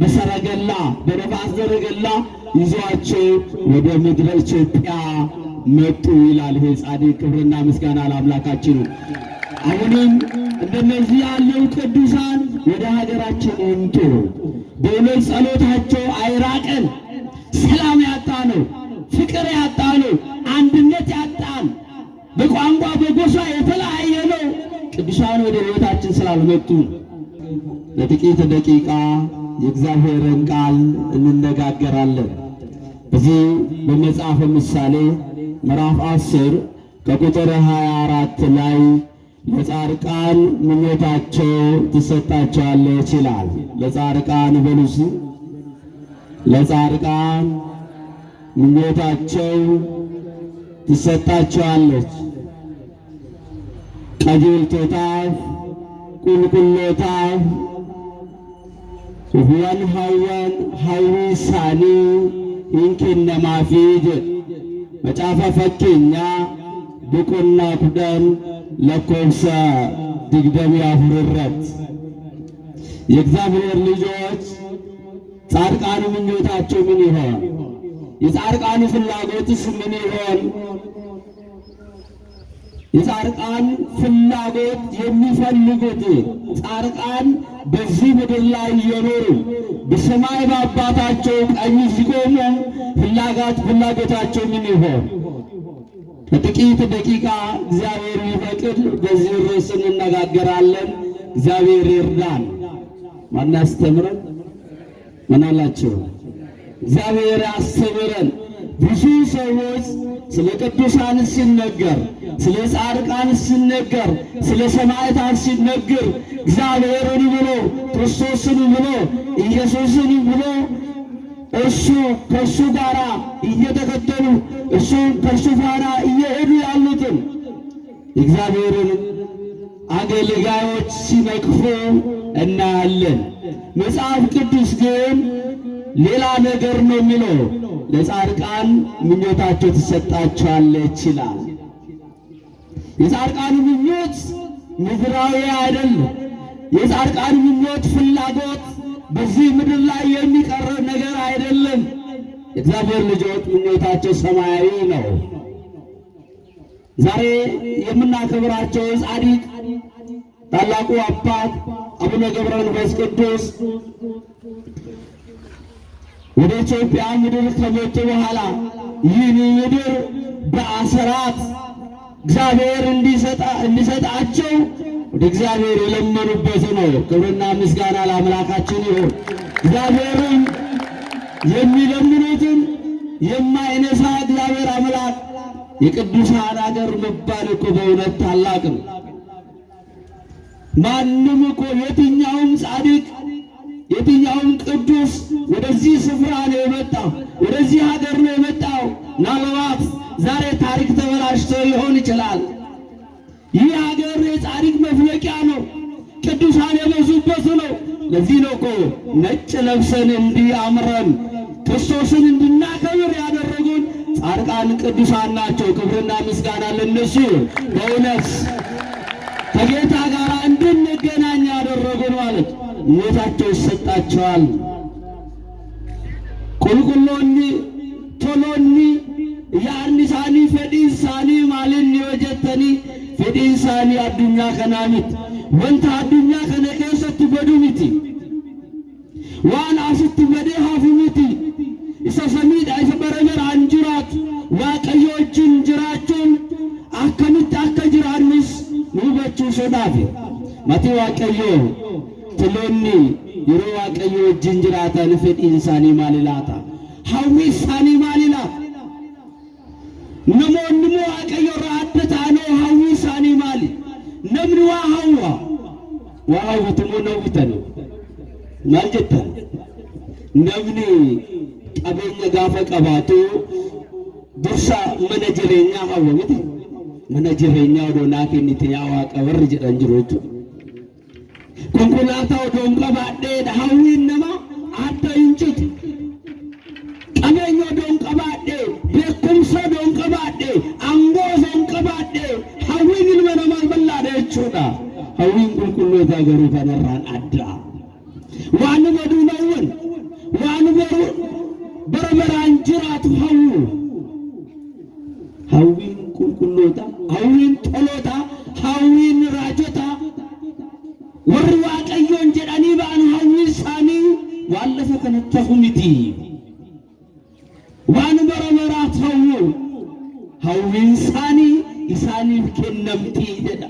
በሰረገላ በነፋስ ሰረገላ ይዟቸው ወደ ምድረ ኢትዮጵያ መጡ ይላል። ይሄ ጻድቅ ክብርና ምስጋና ለአምላካችን አሁንም እንደነዚህ ያለው ቅዱሳን ወደ ሀገራችን ይምጡ። በእውነት ጸሎታቸው አይራቅን። ሰላም ያጣ ነው፣ ፍቅር ያጣ ነው፣ አንድነት ያጣን፣ በቋንቋ በጎሳ የተለያየ ነው። ቅዱሳን ወደ ህይወታችን ስላልመጡ ለጥቂት ደቂቃ የእግዚአብሔርን ቃል እንነጋገራለን። እዚህ በመጽሐፈ ምሳሌ ምዕራፍ አስር ከቁጥር 24 ላይ ለጻድቃን ምኞታቸው ትሰጣቸዋለች ይላል። ለጻድቃን በሉስ ለጻድቃን ምኞታቸው ትሰጣቸዋለች። ቀጅል ቁልቁሎታፍ ወሁዋን ሃዋን ሀዊ ሳኒ ይንኪነ ማፊድ መጫፈ ፈኬኛ ብቁና ኩደም ለኮብሰ ድግደም ያሁርረት የእግዚአብሔር ልጆች ጻድቃኑ ምኞታቸው ምን ይሆን? የጻድቃኑ ፍላጎትስ ምን ይሆን? የጻርቃን ፍላጎት የሚፈልጉት ጻርቃን በዚህ ምድር ላይ የኖሩ በሰማይ በአባታቸው ቀኝ ሲቆሙ ፍላጋት ፍላጎታቸው ምን ይሆን? በጥቂት ደቂቃ እግዚአብሔር ይፈቅድ በዚህ ርዕስ እንነጋገራለን። እግዚአብሔር ይርዳን። ማናስተምረን ምን አላቸው? እግዚአብሔር ያስተምረን። ብዙ ሰዎች ስለ ቅዱሳን ሲነገር፣ ስለ ጻድቃን ሲነገር፣ ስለ ሰማዕታት ሲነገር እግዚአብሔርን ብሎ ክርስቶስን ብሎ ኢየሱስን ብሎ እሱ ከእሱ ጋራ እየተከተሉ እሱ ከእሱ ጋራ እየሄዱ ያሉትን እግዚአብሔርን አገልጋዮች ሲነቅፉ እናያለን። መጽሐፍ ቅዱስ ግን ሌላ ነገር ነው የሚለው ለጻድቃን ምኞታቸው ትሰጣቸዋለች ይላል። የጻድቃን ምኞት ምድራዊ አይደለም። የጻድቃን ምኞት ፍላጎት በዚህ ምድር ላይ የሚቀረ ነገር አይደለም። እግዚአብሔር ልጆች ምኞታቸው ሰማያዊ ነው። ዛሬ የምናከብራቸው ጻድቅ ታላቁ አባት አቡነ ገብረ መንፈስ ቅዱስ ወደ ኢትዮጵያ ምድር ከመጡ በኋላ ይህን ምድር በአሰራት እግዚአብሔር እንዲሰጣቸው ወደ እግዚአብሔር የለመኑበት ነው። ክብርና ምስጋና ለአምላካችን ይሁን። እግዚአብሔርን የሚለምኑትን የማይነሳ እግዚአብሔር አምላክ የቅዱሳን አገር መባል እኮ በእውነት ታላቅ ነው። ማንም እኮ የትኛውም ጻድቅ የትኛውም ቅዱስ ወደዚህ ስፍራ ነው የመጣው፣ ወደዚህ ሀገር ነው የመጣው። ምናልባት ዛሬ ታሪክ ተበላሽቶ ሊሆን ይችላል። ይህ ሀገር የጻድቅ መፍለቂያ ነው፣ ቅዱሳን የበዙበት ነው። ለዚህ ነው እኮ ነጭ ለብሰን እንዲህ አምረን ክርስቶስን እንድናከብር ያደረጉን ጻድቃን ቅዱሳን ናቸው። ክብርና ምስጋና ለነሱ። በእውነት ከጌታ ጋር እንድንገናኝ ያደረጉን ማለት ሞታቸው ይሰጣቸዋል። ቁልቁሎኒ ቶሎኒ ያርኒሳኒ ፌዲንሳኒ ማሊን ወጀተኒ ፌዲንሳኒ አዱኛ ከናሚት ወንታ አዱኛ ከነ በዱሚቲ ዋን አስት በደ ሀፍሙቲ ኢሰሰሚድ አይሰበረበር አንጅራት ዋቀዮችን ጅራቸውን አከሚት አከጅራንስ ንበቹ ሶዳፊ ማቲ ዋቀዮ ትሌኒ የሮ ዋቀዮ ጅንጅራተን ፌጢን ሳኒ ማልላታ ሐዊ ሳኒ ማልላት ነሞን ሞ ዋቀዮ ረአደት አኖ ሐዊ ሳኒ ማሊ ነምን ዋ ሐዋ ዋሐዊትሞ ነውተን ማልጀተን ነምን ቀበኛ ጋፈ ቀባቱ ዱርሳ መነ ጅሬኛ ሐወ ምት መነ ጅሬኛ ዶናኬኒት ወር ጀደን ኮንኮላታው ዶንቀ ባዴ ዳሃዊ ነማ አተ ይንጭት ቀበኞ ዶንቀ ባዴ ቤኩምሰ ዶንቀ ባዴ አንጎ ዶንቀ ባዴ ሀዊ ግልመ ነማን በላደ ቹዳ ሀዊን ቁልቁሎታ ገሩ ተነራን አዳ ዋን ወዱ ነውን ዋን ወሩ በረበራን ጅራቱ ሀው ሀዊን ቁልቁሎታ ሀዊን ዋንበረበራትው ሀዊንሳኒ ኢሳኒፍ ከነምቲ ይደዳ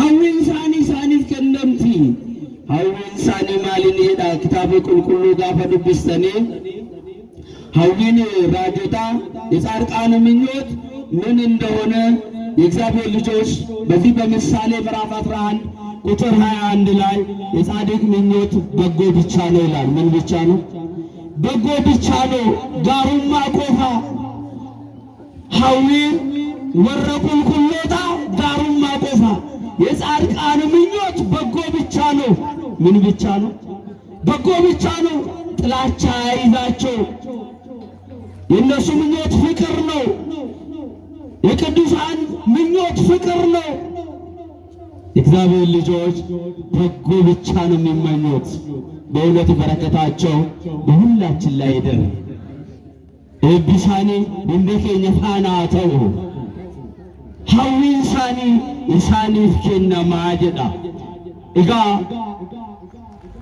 ሀዊንሳኒ ኢሳኒፍ ከነምቲ ሀዊንሳኒ ማሊን ይዳ ክታብ ቁልቁሉ ጋፈ ዱብስተኒ ሀዊን ራጆታ የጻድቃን ምኞት ምን እንደሆነ የእግዚአብሔር ልጆች በዚህ በምሳሌ ምዕራፍ 11 ቁጥር 21 ላይ የጻድቅ ምኞት በጎ ብቻ ነው ይላል። ምን ብቻ ነው? በጎ ብቻ ነው። ዳሩማ ቆፋ ሐዊ ወረቁን ኩሎታ ዳሩማ ቆፋ። የጻድቃን ምኞት በጎ ብቻ ነው። ምን ብቻ ነው? በጎ ብቻ ነው። ጥላቻ ይዛቸው የእነሱ ምኞት ፍቅር ነው። የቅዱሳን ምኞት ፍቅር ነው። እግዚአብሔር ልጆች በጎ ብቻ ነው የሚመኙት። በእውነት በረከታቸው በሁላችን ላይ ይደር። እብሳኒ እንደከኝ ፋና ተው ሐዊን ሳኒ ኢሳኒ ፍኬና ማጀዳ እጋ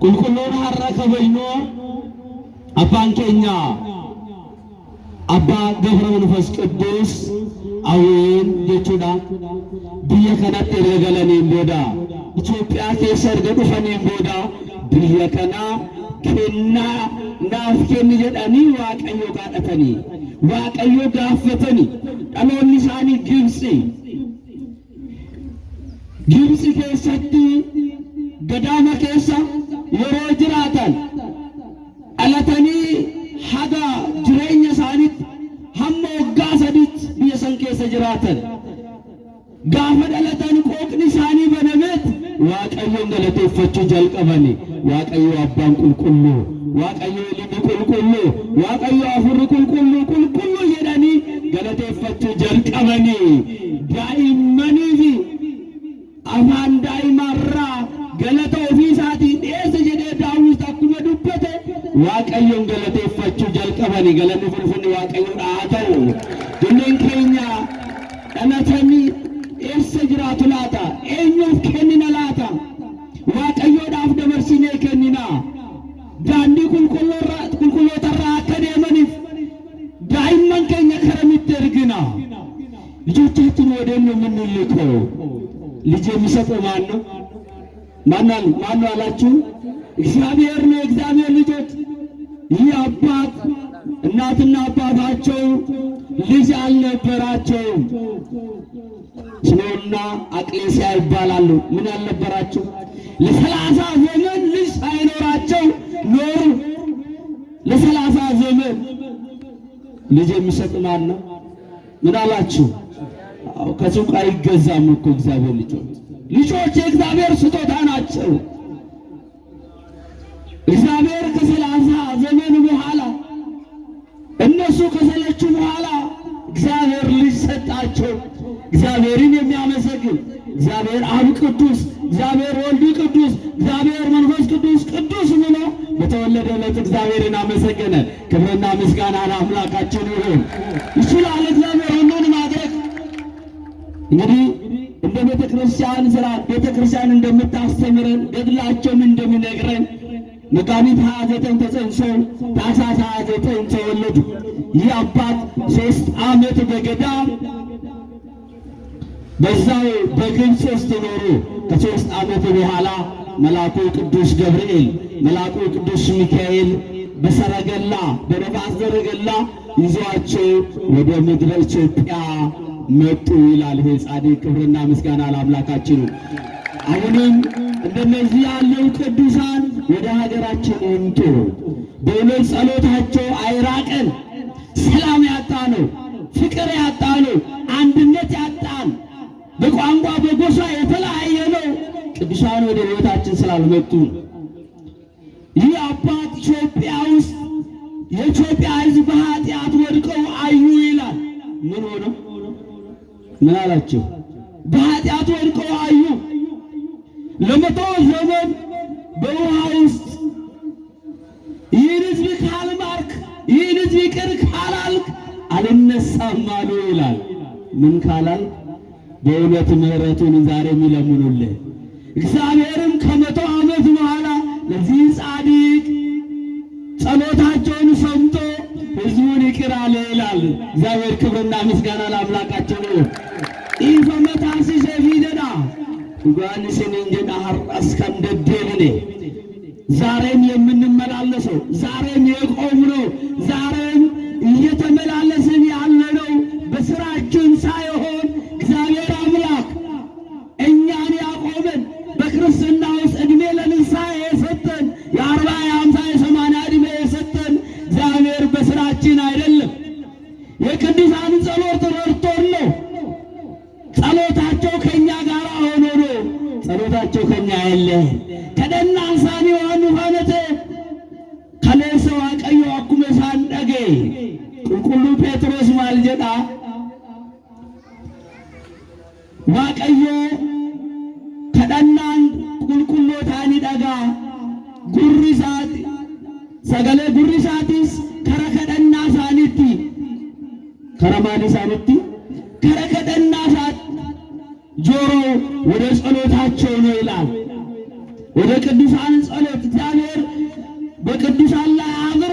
ቁልቁሎን ሀራ ከበይኖ አባን ኬኛ አባ ገብረ መንፈስ ቅዱስ አዊን ጀቹዳ ብየ ከናት ኤረገለኔን ቦዳ ኢትዮጵያ ኬሰ እርገ ቦዳ ብየ ከና ኬና ናፍኬን jedhanii waaqayyoo gaadhatanii waaqayyoo gaaffatanii dhaloonni isaanii Gibxi Gibxi keessatti gadaama keessa yeroo jiraatan dhalatanii haga jireenya isaaniitti hamma waggaa sadiitti biyya san keessa jiraatan gaafa dhalatan qooqni isaanii banameet waaqayyoon galateeffachuu jalqabanii ዋቀዮ አባን ቁልቁሉ ዋቀዮ ልብ ቁልቁሉ ዋቀዮ አፉር ቁልቁሉ ቁልቁሉ የዳኒ ገለቴፈቱ ጀልቀበኒ ዳኢመኒፊ አፋን ዳኢማራ ገለተ ኦፊሳቲ ዴሰ ጀዴ ዳዊት አኩመ ዱበተ ዋቀዮን ገለቴፈቹ ጀልቀበኒ ገለኒ ፍርፍን ዋቀዮ ዳአተው ድንን ኬኛ እነተኒ ኤርሰ ጅራቱ ላታ ኤኞፍ ኬኒነ ላታ ሁለቱን ወደን ነው የምንልከው። ልጅ የሚሰጠው ማን ነው? ማናል ማን አላችሁ? እግዚአብሔር ነው። እግዚአብሔር ልጆች ይህ አባት እናትና አባታቸው ልጅ አልነበራቸው። ስሎና አቅሌስያ ይባላሉ። ምን አልነበራቸው? ለሰላሳ ዘመን ልጅ ሳይኖራቸው ኖሩ። ለሰላሳ ዘመን ልጅ የሚሰጥ ማን ነው? ምን አላችሁ? ከሰው ጋር ይገዛም እኮ እግዚአብሔር ልጆች ልጆች የእግዚአብሔር ስጦታ ናቸው። እግዚአብሔር ከሰላሳ ዘመን በኋላ እነሱ ከሰለቹ በኋላ እግዚአብሔር ልጅ ሰጣቸው። እግዚአብሔርን የሚያመሰግን እግዚአብሔር አብ ቅዱስ፣ እግዚአብሔር ወልድ ቅዱስ፣ እግዚአብሔር መንፈስ ቅዱስ ቅዱስ ብሎ በተወለደለት እግዚአብሔርን አመሰገነ። ክብርና ምስጋና ለአምላካችን ይሁን። ይችላል እግዚአብሔር እንግዲህ እንደ ቤተ ክርስቲያን ስራ ቤተ ክርስቲያን እንደምታስተምረን ገድላቸውም እንደሚነግረን መጋቢት ሀያ ዘጠኝ ተጸንሰው ታኅሳስ ሀያ ዘጠኝ ተወለዱ። ይህ አባት ሶስት ዓመት በገዳ በዛው በግብፅ ውስጥ ኖሩ። ከሶስት ዓመት በኋላ መልአኩ ቅዱስ ገብርኤል መልአኩ ቅዱስ ሚካኤል በሰረገላ በነፋስ ዘረገላ ይዟቸው ወደ ምድረ ኢትዮጵያ መጡ ይላል። ይሄ ጻድቅ ክብርና ምስጋና ለአምላካችን። አሁንም እንደነዚህ ያለው ቅዱሳን ወደ ሀገራችን ይምጡ። በእውነት ጸሎታቸው አይራቀን። ሰላም ያጣ ነው፣ ፍቅር ያጣ ነው፣ አንድነት ያጣን፣ በቋንቋ በጎሳ የተለያየ ነው። ቅዱሳን ወደ ህይወታችን ስላልመጡ ይህ አባት ኢትዮጵያ ውስጥ የኢትዮጵያ ህዝብ በኃጢአት ወድቀው አዩ። ምን አላቸው? በኃጢአቱ ወድቀው አዩ። ለመቶ ዘመን በውሃ ውስጥ ይህን ሕዝብ ካልማርክ፣ ይህን ሕዝብ ይቅር ካላልክ አልነሳም አሉ ይላል። ምን ካላል በእውነት ምሕረቱን ዛሬ የሚለምኑልህ እግዚአብሔርም ከመቶ ዓመት በኋላ ለዚህ ጻድቅ ጸሎታቸውን ሰምቶ ሕዝቡን ይቅር አለ ይላል። እግዚአብሔር ክብርና ምስጋና ለአምላካቸው ነው። ኢፈመታሲ ዘፊደዳ ጓንስን እንጀዳ ሀር እስከንደዴ ዛሬም የምንመላለሰው ዛሬም Sagalee gurri isaatis kara kadhannaa isaaniitti kara maal ጆሮ ወደ ጸሎታቸው ነው ይላል። ወደ ቅዱሳን ጸሎት እግዚአብሔር በቅዱሳን ላይ አምሮ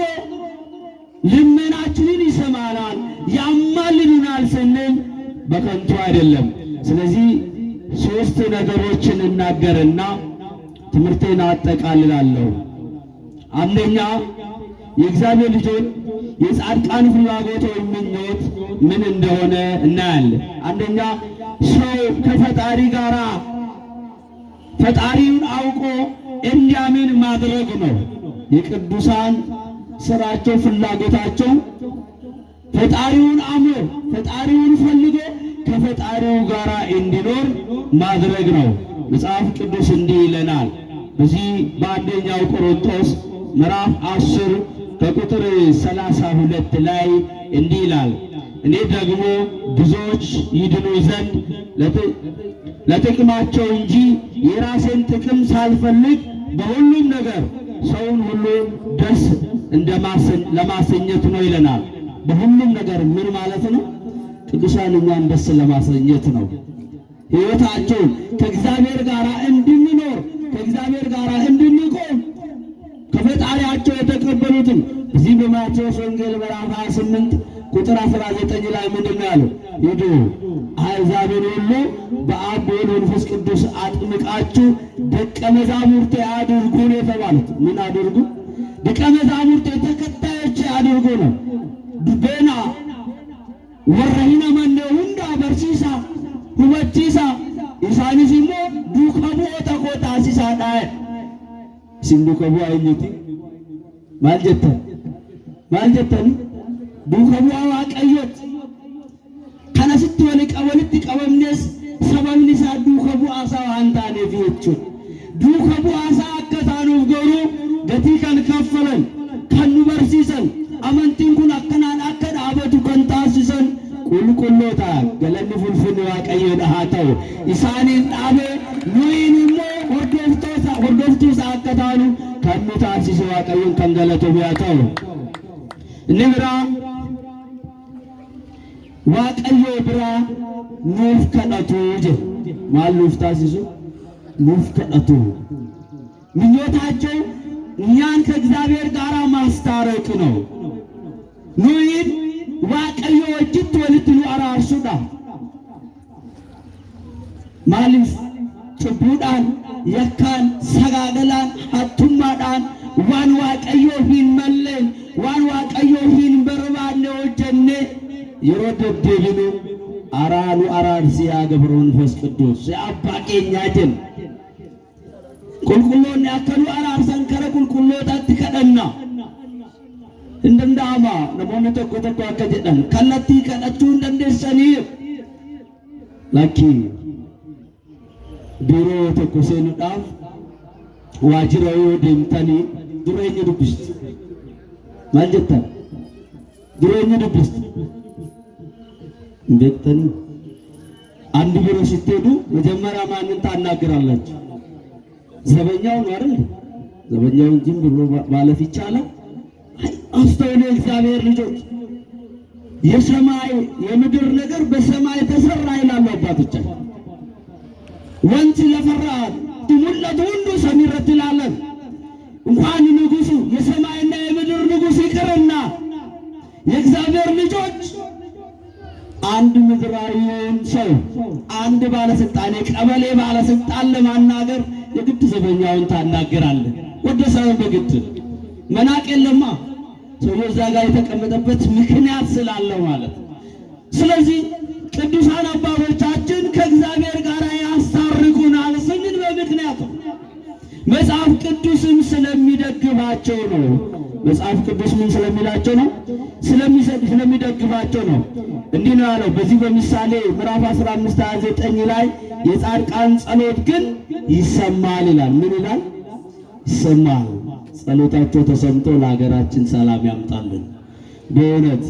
ልመናችንን ይሰማናል፣ ያማልልናል ስንል በከንቱ አይደለም። ስለዚህ ሶስት ነገሮችን እናገርና ትምህርቴን አጠቃልላለሁ። አንደኛ የእግዚአብሔር ልጆች የጻድቃን ፍላጎት ወይም ምኞት ምን እንደሆነ እናያለን። አንደኛ ሰው ከፈጣሪ ጋር ፈጣሪውን አውቆ እንዲያምን ማድረግ ነው። የቅዱሳን ስራቸው ፍላጎታቸው ፈጣሪውን አምኖ ፈጣሪውን ፈልጎ ከፈጣሪው ጋር እንዲኖር ማድረግ ነው። መጽሐፍ ቅዱስ እንዲህ ይለናል በዚህ በአንደኛው ቆሮንቶስ ምዕራፍ አስር ከቁጥር ሰላሳ ሁለት ላይ እንዲህ ይላል እኔ ደግሞ ብዙዎች ይድኑ ዘንድ ለጥቅማቸው እንጂ የራሴን ጥቅም ሳልፈልግ በሁሉም ነገር ሰውን ሁሉ ደስ ለማሰኘት ነው ይለናል። በሁሉም ነገር ምን ማለት ነው? ቅዱሳን እኛን ደስ ለማሰኘት ነው። ህይወታቸውን ከእግዚአብሔር ጋር እንድንኖር ከእግዚአብሔር ጋር እንድንቆም ከፈጣሪያቸው የተቀበሉትን እዚህ በማቴዎስ ወንጌል ምዕራፍ 28 ቁጥር 19 ላይ ምንድን ነው ያለው? ሂዱ አሕዛብን ሁሉ በአብ በወልድ በመንፈስ ቅዱስ አጥምቃችሁ ደቀ መዛሙርቴ አድርጉ ነው የተባሉት። ምን አድርጉ? ደቀ መዛሙርቴ ተከታዮች አድርጉ ነው። ቤና ወረሂነ መነ ሁንዳ በርሲሳ ሁበቺሳ ኢሳኒሲሞ ዱከቦ ተቆጣ ሲሳ ዳየ sinduka bu'aa eenyuuti? Maal jettan? Maal jettani? Duuka bu'aa Waaqayyooti. Kanasitti walitti qabamnes sababni isaa duuka bu'aa isaa waan taaneef jechuudha. Duuka bu'aa isaa akka taanuuf garuu gatii kan kaffalan kan nu barsiisan amantiin kun akkanaan akka dhaabatu kan taasisan qulqulloota galanni fulfinni Waaqayyoodha haa ta'u isaaniin dhaabee ወይንሞ ወርዶፍቶ ሰአቀታሉ ከሙታ አርሲሶ ዋቀዩን ከንገለቶ ቢያታው ንብራ ዋቀዮ ብራ ኑፍ ከነቱ ጀ ማል ኑፍ ኑፍ ከነቱ ምኞታቸው እኛን ከእግዚአብሔር ጋር ማስታረቅ ነው። ኑይን ዋቀዮ እጅት ወልትሉ አራርሱዳ ማልፍ cubbuudhaan yakkaan sagaagalaan attummaadhaan waan waaqayyoo hin malleen waan waaqayyoo hin barbaanne hojjenne yeroo deddeebinu araanu araarsi yaa ገብረ መንፈስ ቅዱስ የአባ ቄኛችን ቁልቁሎን ያከሉ አራርሰን ከረ ቁልቁሎታት ከደና እንደምዳማ ነሞነ tokko tokko akka jedhan kallattii kadhachuu hin dandeessanii lakkii ቢሮ ተኩሴን ዳፍ ዋጅራዊ ደምታኒ ድሮኝ ድብስት ማልጀታ ድሮኝ ድብስት እንደተን አንድ ቢሮ ስትሄዱ መጀመሪያ ማንን ታናግራላችሁ? ዘበኛው ነው አይደል? ዘበኛውን ዝም ብሎ ማለፍ ይቻላል? አስተውሉ እግዚአብሔር ልጆች፣ የሰማይ የምድር ነገር በሰማይ ተሰራ ይላሉ አባቶቻችን። ወንዝ ለፈራ ትውልድ ሁሉ ሰው እንኳን ንጉሱ የሰማይና የምድር ንጉስ ይቅርና የእግዚአብሔር ልጆች አንድ ምድራዊውን ሰው አንድ ባለስልጣን የቀበሌ ባለስልጣን ለማናገር የግድ ዘበኛውን ታናገራለን። ወደ ሰውን በግድ መናቅ የለማ ሰውዬው እዛ ጋር የተቀመጠበት ምክንያት ስላለው ማለት። ስለዚህ ቅዱሳን አባቶቻችን ከእግዚአብሔር መጽሐፍ ቅዱስም ስለሚደግፋቸው ነው። መጽሐፍ ቅዱስ ምን ስለሚላቸው ነው? ስለሚደግፋቸው ነው። እንዲህ ነው ያለው በዚህ በምሳሌ ምዕራፍ 15 29 ላይ የጻድቃን ጸሎት ግን ይሰማል ይላል። ምን ይላል? ይሰማል። ጸሎታቸው ተሰምቶ ለሀገራችን ሰላም ያምጣልን። በእውነት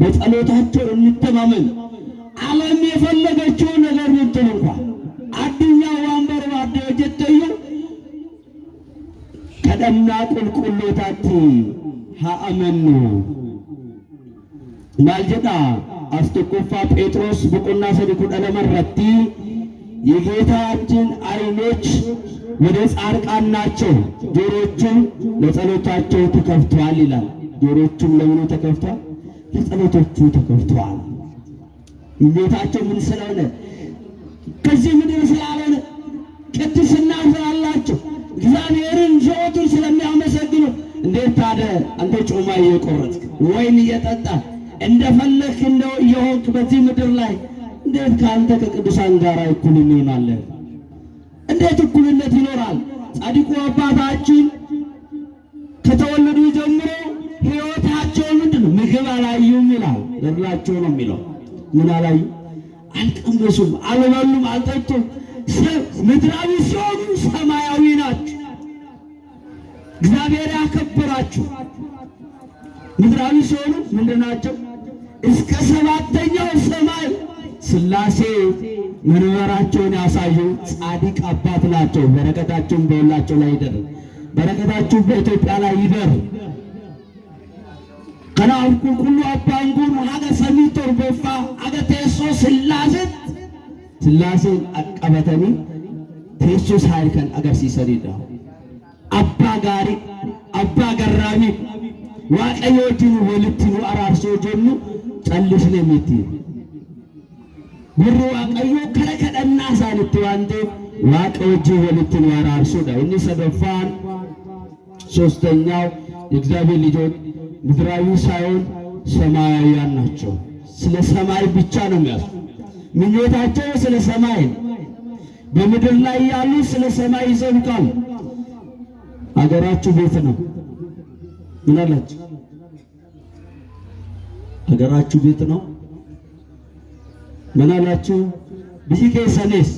በጸሎታቸው እንተማመን። ዓለም የፈለገችውን ከና ቁልቁሎታቲ ሃአመኑ ማል ጀዳ አስተኮፋ ጴጥሮስ ብቁና ሰዲኩ ለመረቲ የጌታችን አይኖች ወደ ጻድቃን ናቸው፣ ጆሮቹም ለጸሎታቸው ተከፍተዋል ይላል። ጆሮቹም ለምኑ ተከፍተዋል? ለጸሎቶቹ ተከፍተዋል። ጌታቸው ምን ስለሆነ ከዚህ ምድር ስላልሆነ ቅድስና ስላላቸው እግዚአብሔርን ጆቱን ስለሚያመሰግኑ እንዴት ታዲያ አንተ ጮማ እየቆረጥክ ወይን እየጠጣ እንደፈለክ እንደው የሆንክ በዚህ ምድር ላይ እንዴት ከአንተ ከቅዱሳን ጋር እኩል እንሆናለን? እንዴት እኩልነት ይኖራል? ጻድቁ አባታችን ከተወለዱ ጀምሮ ሕይወታቸው ምንድን ነው? ምግብ አላዩም ይላል። ገድላቸው ነው የሚለው። ምን አላዩ? አልቀመሱም፣ አልበሉም፣ አልጠጡም። ምድራዊ ሲሆኑ ሰማያዊ ናቸው። እግዚአብሔር ያከበራችሁ ምድራዊ ሲሆኑ ምንድን ናቸው? እስከ ሰባተኛው ሰማይ ስላሴ መንበራቸውን ያሳዩ ጻድቅ አባት ናቸው። በረከታችሁም በሁላቸው ላይ ይደር። በረከታችሁ በኢትዮጵያ ላይ ይደር። ከናሁኩ ሁሉ አባንጉን ሀገ ሰሚቶር ቦፋ ሀገ ቴሶ ስላሴት ስላሴን አቀበተኒ ቴሶ ሳይርከን አገር ሲሰሪዳሁ አባ ጋሪ አባ ገራሚ ዋቀዮቲ ወልትኑ አራርሶ ጀኑ ጨልስነ ሚቲ ጉሩ ዋቀዮ ከረከደና ሳልት ዋንዴ ዋቀዮቲ ወልትኑ አራርሶ ዳ እኒ ሰደፋን ሶስተኛው የእግዚአብሔር ልጆች ምድራዊ ሳይሆን ሰማያውያን ናቸው። ስለ ሰማይ ብቻ ነው የሚያሱ ምኞታቸው ስለ ሰማይ በምድር ላይ ያሉ ስለ ሰማይ ይሰብካሉ። አገራችሁ ቤት ነው። ምን አገራችሁ ቤት ነው። ምን አላችሁ? ብይ ከሰኔስ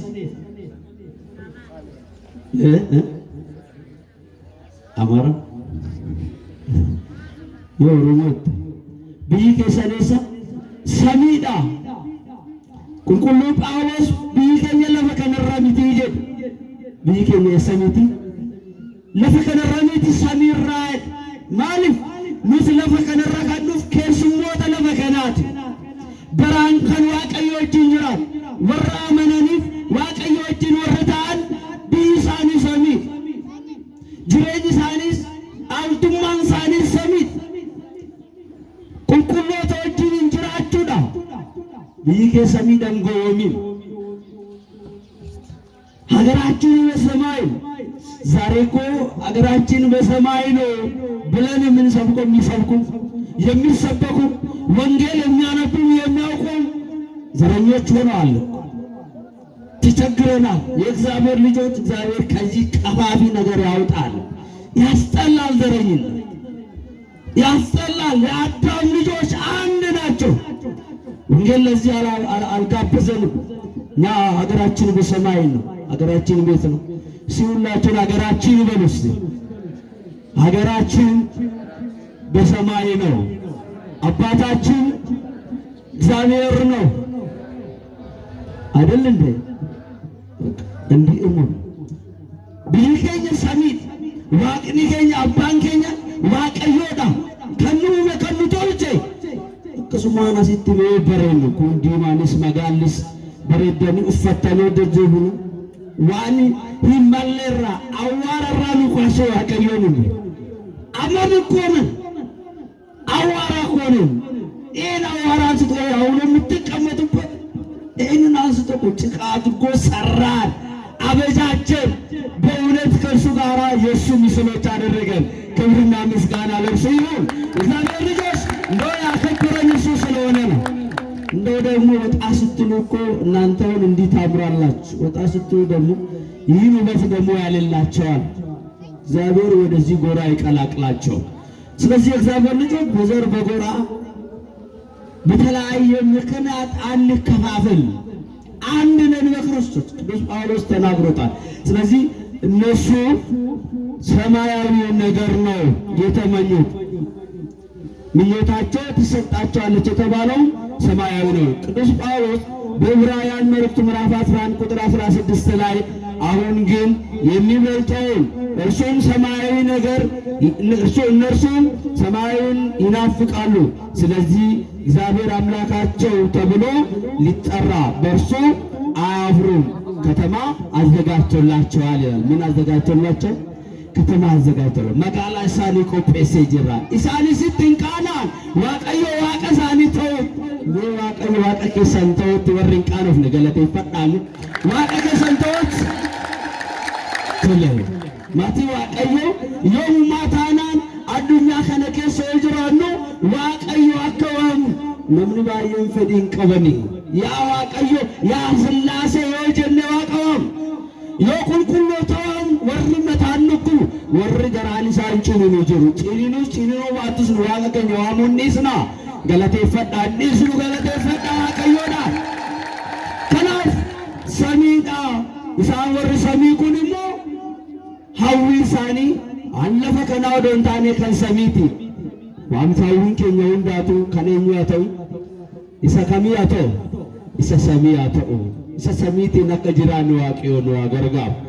አማራ የኦሮሞ ብይ ከሰኔስ ሰሚዳ ቁልቁሉ ጳውሎስ ብይ ከየለፈ ምራ ሚቲ ይጀ ብይ ከየሰሚቲ ለፈቀደ ረሚት ሰሚራይ ማሊፍ ምስ ለፈቀደ ረካዱፍ ኬሱሞተ ለፈቀናት በራንከን ዋቀዮችን ጅራ ወራ መነኒፍ ዋቀዮችን ወረታን ቢሳኒ ሰሚት ጅሬኝ ሳኒስ አልቱማን ሳኒስ ሰሚት ቁልቁሎቶችን እንጅራቹዳ ብይ ኬሰሚ ደንጎ ወሚን ሀገራችን የሰማዩ ዛሬ እኮ አገራችን በሰማይ ነው ብለን የምንሰብኮ የሚሰብኩ የሚሰበኩ ወንጌል የሚያነቡ የሚያውቁ ዘረኞች ሆነዋል። ትቸግረናል። የእግዚአብሔር ልጆች እግዚአብሔር ከዚህ ቀባቢ ነገር ያውጣል። ያስጠላል። ዘረኝነት ያስጠላል። የአዳም ልጆች አንድ ናቸው። ወንጌል ለዚህ አልጋበዘንም። ያ ሀገራችን በሰማይ ነው። ሀገራችን ቤት ነው። ሲሁላችን ሀገራችን ይበሉስ ሀገራችን በሰማይ ነው። አባታችን እግዚአብሔር ነው አይደል እንዴ? እንዲህ እሙን ብይከኝ ሰሚት ዋቅኒከኝ አባንከኛ ዋቀዮዳ ከንሙ ከንቶልቼ ቅሱማና ሲትሜ በሬን ኩንዲማንስ መጋልስ በሬደኒ እፈተኖ ደጀሁኑ ዋኒ ನಿಮ್ಮಲ್ಲಿರ ಅವ್ವಾರರನು ಕೊಳಸುವ ಕರಿಯೋನು ಅಮ್ಮದು ಕೋನ ಅವ್ವಾರ ಕೋನ ಏನು ಅವ್ವಾರ አንስቶ አሁን የምትቀመጡበት ይህንን አንስቶ ቁጭ አድርጎ ሰራን፣ አበጃጀን። በእውነት ከእርሱ ጋር የእሱ ምስሎች አደረገን። ክብርና ምስጋና ለእርሱ ይሁን። እግዚአብሔር ልጆች እንደው ያከበረን እሱ ስለሆነ ነው። እንደው ደግሞ ወጣ ስትሉ እኮ እናንተ ታምራላችሁ፣ ወጣ ስትሉ ደግሞ ይህን ውበት ደግሞ ያልላቸዋል። እግዚአብሔር ወደዚህ ጎራ ይቀላቅላቸው። ስለዚህ እግዚአብሔር ልጆች በዘር በጎራ በተለያየ ምክንያት አንከፋፍል፣ አንድ ነን በክርስቶስ። ቅዱስ ጳውሎስ ተናግሮታል። ስለዚህ እነሱ ሰማያዊ ነገር ነው የተመኙት፣ ምኞታቸው ትሰጣቸዋለች የተባለው ሰማያዊ ነው። ቅዱስ ጳውሎስ በዕብራውያን መልእክቱ ምዕራፍ 11 ቁጥር 16 ላይ አሁን ግን የሚበልጠውን እርሱም ሰማያዊ ነገር እነርሱም ሰማያዊን ይናፍቃሉ። ስለዚህ እግዚአብሔር አምላካቸው ተብሎ ሊጠራ በእርሱ አያፍሩም። ከተማ አዘጋጅቶላቸዋል ይላል። ምን አዘጋጅቶላቸው? ከተማ አዘጋጅቶላቸዋል። መቃላ ኢሳኒ ቆጴሴ ጅራ ኢሳኒ ስት እንቃናን yoo waaqni waaqa keessan ta'utti warri hin qaanuuf na galateeffadhaan waaqa keessan ta'utti tolame maatii waaqayyoo yoo hummaa taanaan addunyaa kana keessa yoo jiraannu waaqayyo akka waamu namni baay'een fedhii hin qabani yaa waaqayyo yaa sillaasee yoo jenne waaqa waamu yoo qulqulloota waamu warri mataan dhukkuu warri garaan isaan ciniinuu jiru ciniinuus ciniinuu baattus nu waaqa keenya waamuun dhiisnaa galateeffadhaa inni sunu galateeffadhaa Waaqayyoodha. Kanaaf samiidha. Isaan warri samii kun immoo hawwii isaanii waan lafa kanaa odoo hin taane kan samiiti. Waamti hawwiin keenya hundaatu kan eenyu haa ta'u? Isa kamii haa ta'u? Isa samii haa ta'u. Isa samiitiin akka jiraannu Waaqayyoon waa gargaaru.